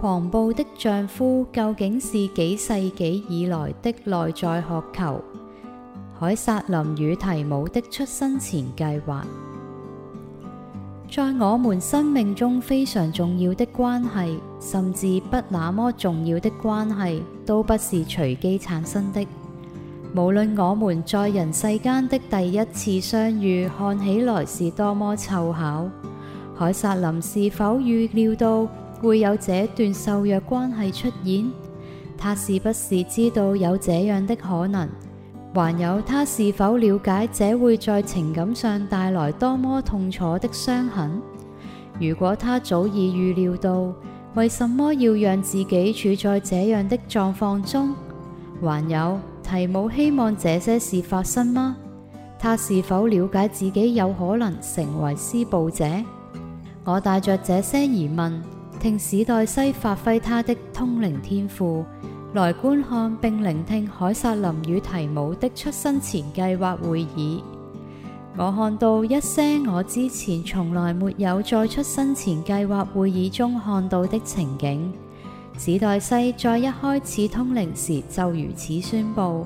狂暴的丈夫究竟是幾世紀以來的內在渴求？凱薩琳與提姆的出生前計劃，在我們生命中非常重要的關係，甚至不那麼重要的關係，都不是隨機產生的。無論我們在人世間的第一次相遇看起來是多麼湊巧，凱薩琳是否預料到？會有這段受虐關係出現，他是不是知道有這樣的可能？還有，他是否了解這會在情感上帶來多麼痛楚的傷痕？如果他早已預料到，為什麼要讓自己處在這樣的狀況中？還有，提姆希望這些事發生嗎？他是否了解自己有可能成為施暴者？我帶着這些疑問。聽史黛西發揮他的通靈天賦，來觀看並聆聽凱薩琳與提姆的出生前計劃會議。我看到一些我之前從來沒有在出生前計劃會議中看到的情景。史黛西在一開始通靈時就如此宣布：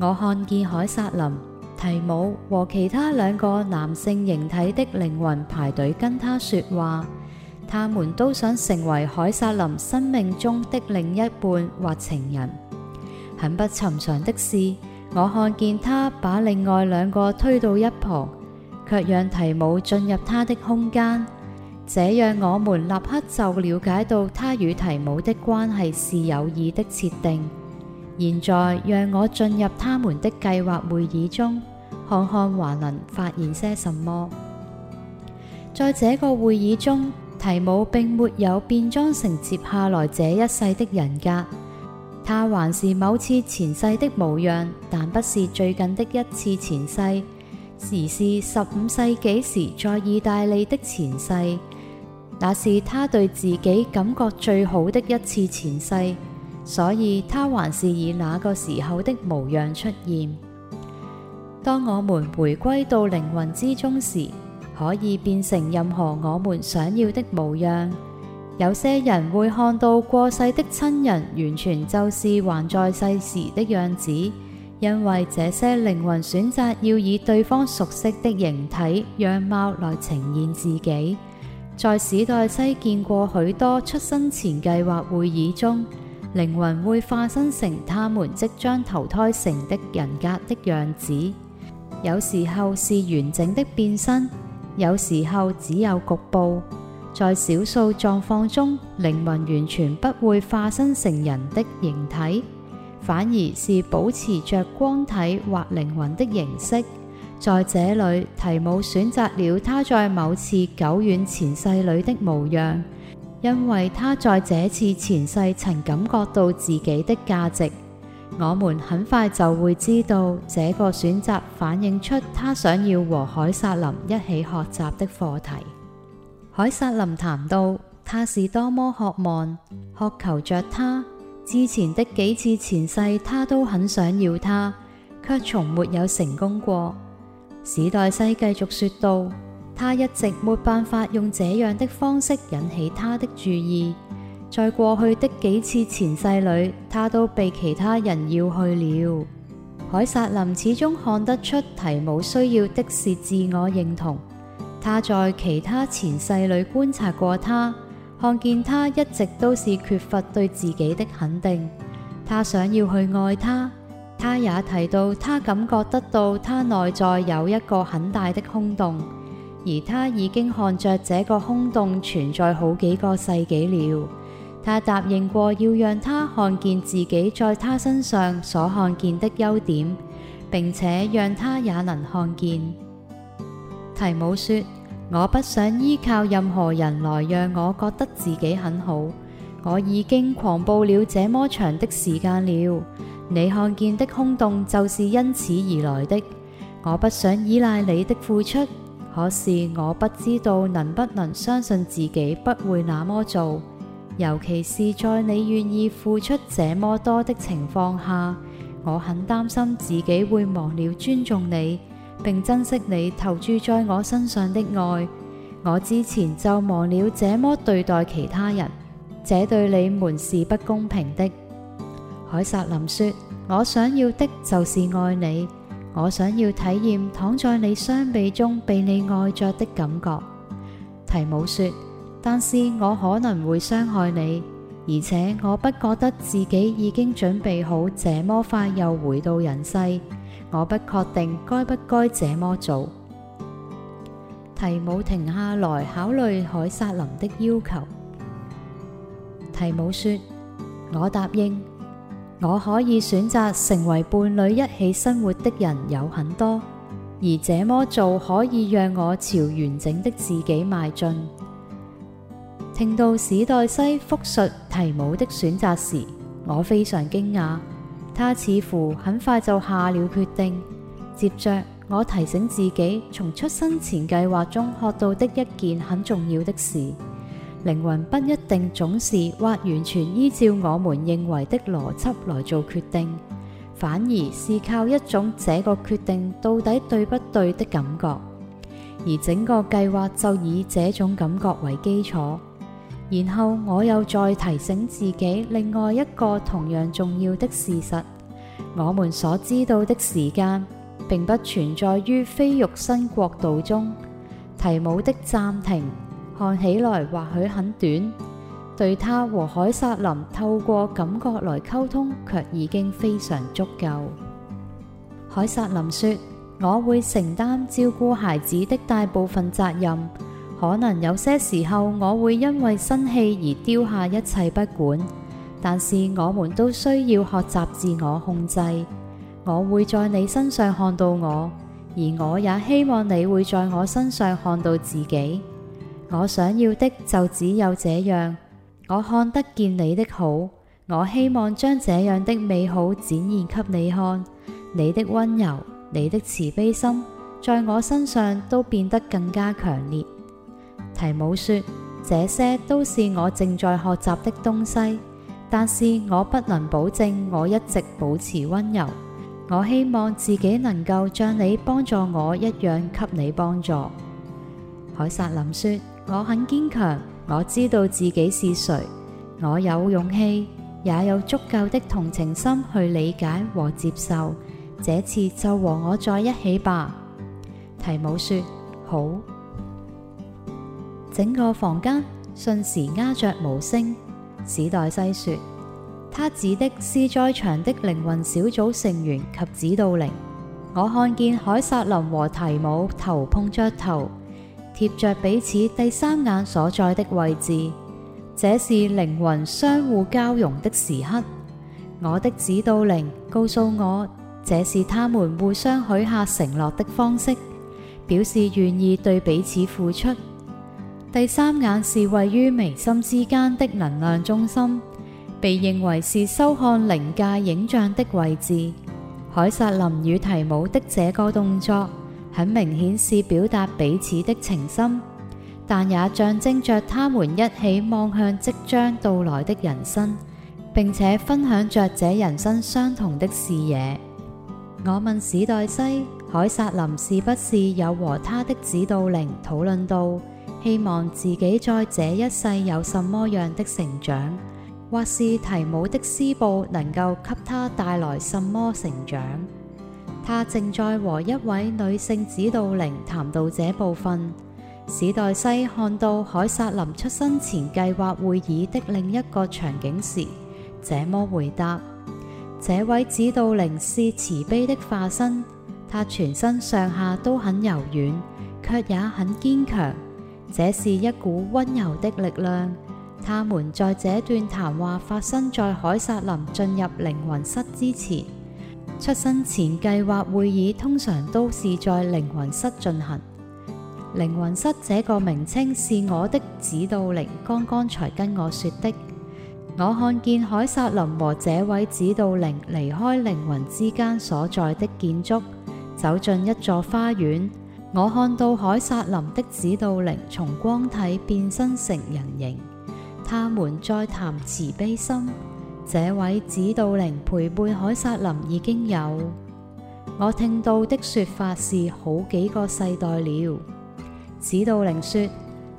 我看見凱薩琳、提姆和其他兩個男性形體的靈魂排隊跟他說話。他們都想成為凱薩琳生命中的另一半或情人。很不尋常的是，我看見他把另外兩個推到一旁，卻讓提姆進入他的空間。這讓我們立刻就了解到他與提姆的關係是有意的設定。現在讓我進入他們的計劃會議中，看看還能發現些什麼。在這個會議中。提姆並沒有變裝成接下來這一世的人格，他還是某次前世的模樣，但不是最近的一次前世，而是十五世紀時在意大利的前世。那是他對自己感覺最好的一次前世，所以他還是以那個時候的模樣出現。當我們回歸到靈魂之中時，可以變成任何我們想要的模樣。有些人會看到過世的親人完全就是還在世時的樣子，因為這些靈魂選擇要以對方熟悉的形體、樣貌來呈現自己。在史代西見過許多出生前計劃會議中，靈魂會化身成他們即將投胎成的人格的樣子，有時候是完整的變身。有時候只有局部，在少數狀況中，靈魂完全不會化身成人的形體，反而是保持着光體或靈魂的形式。在這裡，提姆選擇了他在某次久遠前世裡的模樣，因為他在這次前世曾感覺到自己的價值。我們很快就會知道，這個選擇反映出他想要和凱薩琳一起學習的課題。凱薩琳談到，他是多麼渴望、渴求着他。之前的幾次前世，他都很想要他，卻從沒有成功過。史黛西繼續說道，他一直沒辦法用這樣的方式引起他的注意。在過去的幾次前世裏，他都被其他人要去了。凱薩琳始終看得出，提姆需要的是自我認同。他在其他前世裏觀察過他，看見他一直都是缺乏對自己的肯定。他想要去愛他，他也提到他感覺得到他內在有一個很大的空洞，而他已經看著這個空洞存在好幾個世紀了。他答應過要讓他看見自己在他身上所看見的優點，並且讓他也能看見。提姆說：我不想依靠任何人來讓我覺得自己很好。我已經狂暴了這麼長的時間了，你看見的空洞就是因此而來的。我不想依賴你的付出，可是我不知道能不能相信自己不會那麼做。尤其是在你願意付出這麼多的情況下，我很擔心自己會忘了尊重你，並珍惜你投注在我身上的愛。我之前就忘了這麼對待其他人，這對你們是不公平的。凱薩琳說：我想要的就是愛你，我想要體驗躺在你雙臂中被你愛着的感覺。提姆說。但是我可能會傷害你，而且我不覺得自己已經準備好這麼快又回到人世。我不確定該不該這麼做。提姆停下來考慮凱薩琳的要求。提姆說：我答應，我可以選擇成為伴侶一起生活的人有很多，而這麼做可以讓我朝完整的自己邁進。聽到史代西復述提姆的選擇時，我非常驚訝。他似乎很快就下了決定。接著，我提醒自己從出生前計劃中學到的一件很重要的事：靈魂不一定總是或完全依照我們認為的邏輯來做決定，反而是靠一種這個決定到底對不對的感覺，而整個計劃就以這種感覺為基礎。然後我又再提醒自己，另外一個同樣重要的事實：我們所知道的時間並不存在於非肉身國度中。提姆的暫停看起來或許很短，對他和凱薩琳透過感覺來溝通，卻已經非常足夠。凱薩琳說：「我會承擔照顧孩子的大部分責任。可能有些時候我會因為生氣而丟下一切不管，但是我們都需要學習自我控制。我會在你身上看到我，而我也希望你會在我身上看到自己。我想要的就只有這樣。我看得見你的好，我希望將這樣的美好展現給你看。你的溫柔、你的慈悲心，在我身上都變得更加強烈。提姆說：這些都是我正在學習的東西，但是我不能保證我一直保持温柔。我希望自己能夠像你幫助我一樣，給你幫助。凱薩琳說：我很堅強，我知道自己是誰，我有勇氣，也有足夠的同情心去理解和接受。這次就和我在一起吧。提姆說：好。整個房間瞬時鴉雀無聲。史代西說，他指的是在場的靈魂小組成員及指導靈。我看見凱薩琳和提姆頭碰着頭，貼着彼此第三眼所在的位置。這是靈魂相互交融的時刻。我的指導靈告訴我，這是他們互相許下承諾的方式，表示願意對彼此付出。第三眼是位於眉心之間的能量中心，被認為是收看靈界影像的位置。凱薩琳與提姆的這個動作很明顯是表達彼此的情深，但也象徵着他們一起望向即將到來的人生，並且分享着這人生相同的視野。我問史黛西，凱薩琳是不是有和他的指導靈討論到？希望自己在這一世有什麼樣的成長，或是提姆的施暴能夠給他帶來什麼成長。他正在和一位女性指導靈談到這部分。史黛西看到凱薩琳出生前計劃會議的另一個場景時，這麼回答：這位指導靈是慈悲的化身，他全身上下都很柔軟，卻也很堅強。這是一股温柔的力量。他們在這段談話發生在凱薩琳進入靈魂室之前。出生前計劃會議通常都是在靈魂室進行。靈魂室這個名稱是我的指導靈剛剛才跟我說的。我看見凱薩琳和這位指導靈離開靈魂之間所在的建築，走進一座花園。我看到凱薩琳的指導靈從光體變身成人形，他們再談慈悲心。這位指導靈陪伴凱薩琳已經有，我聽到的說法是好幾個世代了。指導靈說：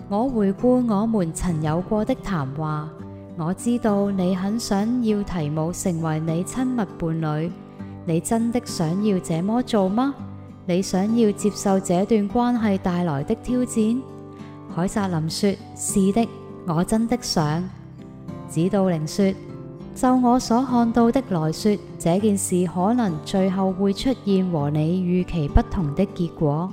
我回顧我們曾有過的談話，我知道你很想要提姆成為你親密伴侶，你真的想要這麼做嗎？你想要接受這段關係帶來的挑戰？凱薩琳說：是的，我真的想。指導靈說：就我所看到的來說，這件事可能最後會出現和你預期不同的結果。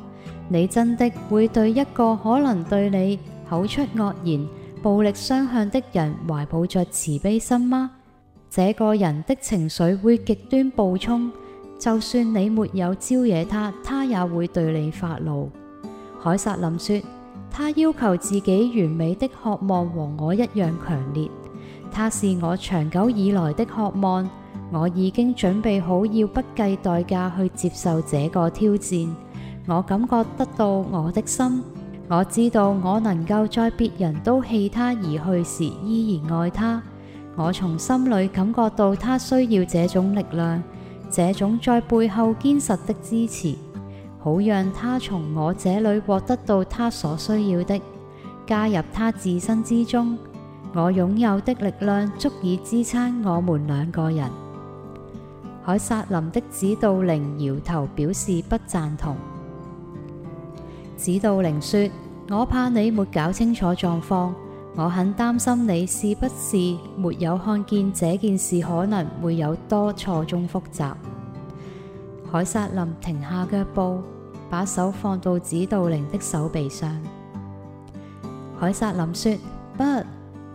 你真的會對一個可能對你口出惡言、暴力相向的人懷抱著慈悲心嗎？這個人的情緒會極端暴衝。就算你沒有招惹他，他也會對你發怒。凱撒林說，他要求自己完美的渴望和我一樣強烈。他是我長久以來的渴望，我已經準備好要不計代價去接受這個挑戰。我感覺得到我的心，我知道我能夠在別人都棄他而去時依然愛他。我從心裏感覺到他需要這種力量。這種在背後堅實的支持，好讓他從我這裏獲得到他所需要的，加入他自身之中。我擁有的力量足以支撐我們兩個人。凱薩琳的指導靈搖頭表示不贊同。指導靈說：我怕你沒搞清楚狀況。我很擔心你是不是沒有看見這件事可能會有多錯綜複雜。凱薩琳停下腳步，把手放到指導靈的手臂上。凱薩琳說：不，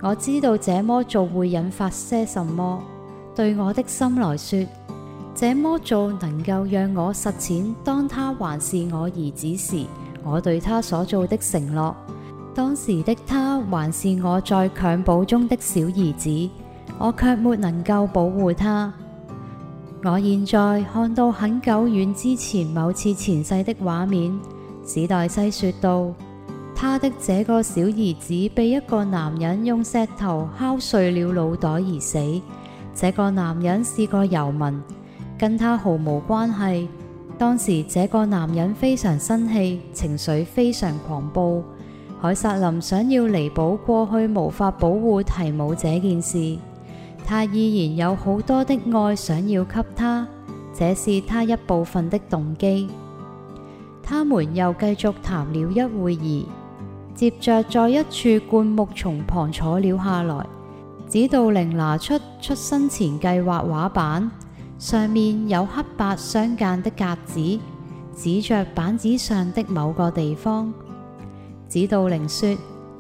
我知道這麼做會引發些什麼。對我的心來說，這麼做能夠讓我實踐當他還是我兒子時，我對他所做的承諾。當時的他還是我在襁褓中的小兒子，我卻沒能夠保護他。我現在看到很久遠之前某次前世的畫面，史黛西說道：他的這個小兒子被一個男人用石頭敲碎了腦袋而死，這個男人是個遊民，跟他毫無關係。當時這個男人非常生氣，情緒非常狂暴。凱薩琳想要彌補過去無法保護提姆這件事，他依然有好多的愛想要給他，這是他一部分的動機。他們又繼續談了一會兒，接着在一處灌木叢旁坐了下來。指導靈拿出出生前計劃畫板，上面有黑白相間的格子，指着板子上的某個地方。指導靈說：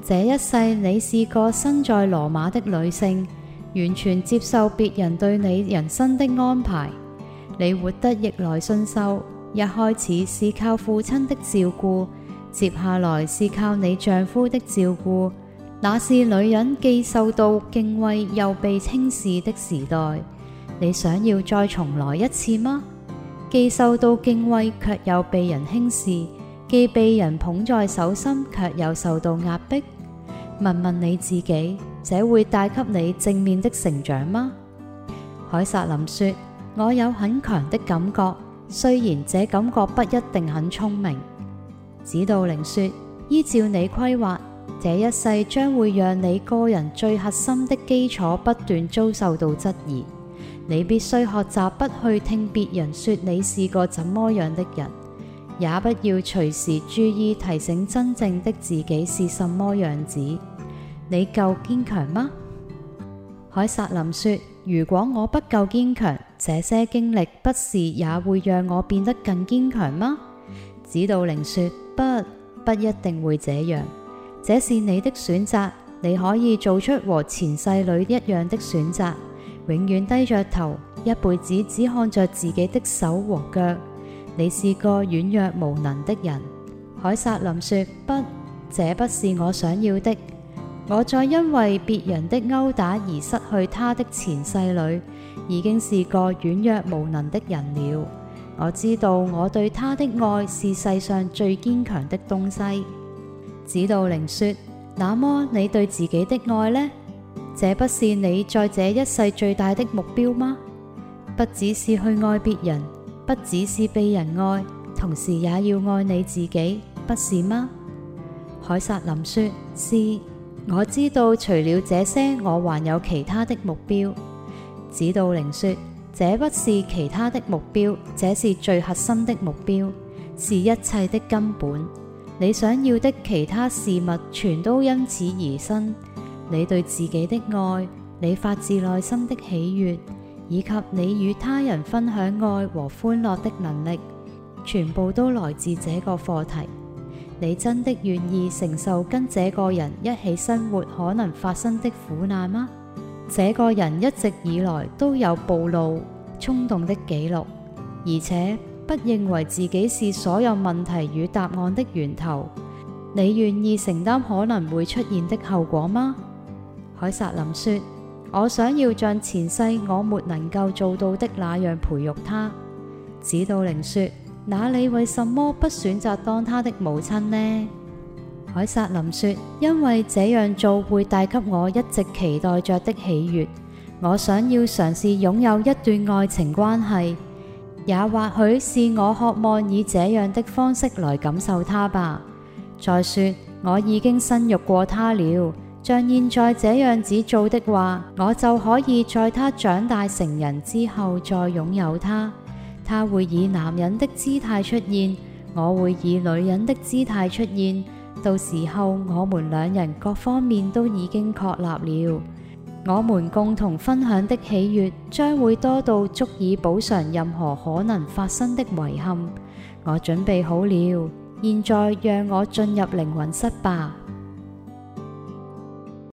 這一世你是個身在羅馬的女性，完全接受別人對你人生的安排。你活得逆來順受，一開始是靠父親的照顧，接下來是靠你丈夫的照顧。那是女人既受到敬畏又被輕視的時代。你想要再重來一次嗎？既受到敬畏，卻又被人輕視。既被人捧在手心，卻又受到壓迫。問問你自己，這會帶給你正面的成長嗎？凱薩琳說：我有很強的感覺，雖然這感覺不一定很聰明。指導靈說：依照你規劃，這一世將會讓你個人最核心的基礎不斷遭受到質疑。你必須學習不去聽別人說你是個怎麼樣的人。也不要隨時注意提醒真正的自己是什麼樣子。你夠堅強嗎？凱薩琳說：如果我不夠堅強，這些經歷不是也會讓我變得更堅強嗎？指導靈說：不，不一定會這樣。這是你的選擇，你可以做出和前世裏一樣的選擇，永遠低着頭，一輩子只看着自己的手和腳。你是個軟弱無能的人，凱薩琳說不，這不是我想要的。我在因為別人的毆打而失去他的前世裡，已經是個軟弱無能的人了。我知道我對他的愛是世上最堅強的東西。指導靈說：那麼你對自己的愛呢？這不是你在這一世最大的目標嗎？不只是去愛別人。不只是被人愛，同時也要愛你自己，不是嗎？凱薩琳說：是，我知道除了這些，我還有其他的目標。指導靈說：這不是其他的目標，這是最核心的目標，是一切的根本。你想要的其他事物，全都因此而生。你對自己的愛，你發自內心的喜悦。以及你與他人分享愛和歡樂的能力，全部都來自這個課題。你真的願意承受跟這個人一起生活可能發生的苦難嗎？這個人一直以來都有暴怒、衝動的記錄，而且不認為自己是所有問題與答案的源頭。你願意承擔可能會出現的後果嗎？凱薩琳說。我想要像前世我沒能夠做到的那樣培育他。指導靈說：那你為什麼不選擇當他的母親呢？凱撒琳說：因為這樣做會帶給我一直期待着的喜悅。我想要嘗試擁有一段愛情關係，也或許是我渴望以這樣的方式來感受他吧。再說我已經生育過他了。像現在這樣子做的話，我就可以在他長大成人之後再擁有他。他會以男人的姿態出現，我會以女人的姿態出現。到時候我們兩人各方面都已經確立了，我們共同分享的喜悅將會多到足以補償任何可能發生的遺憾。我準備好了，現在讓我進入靈魂室吧。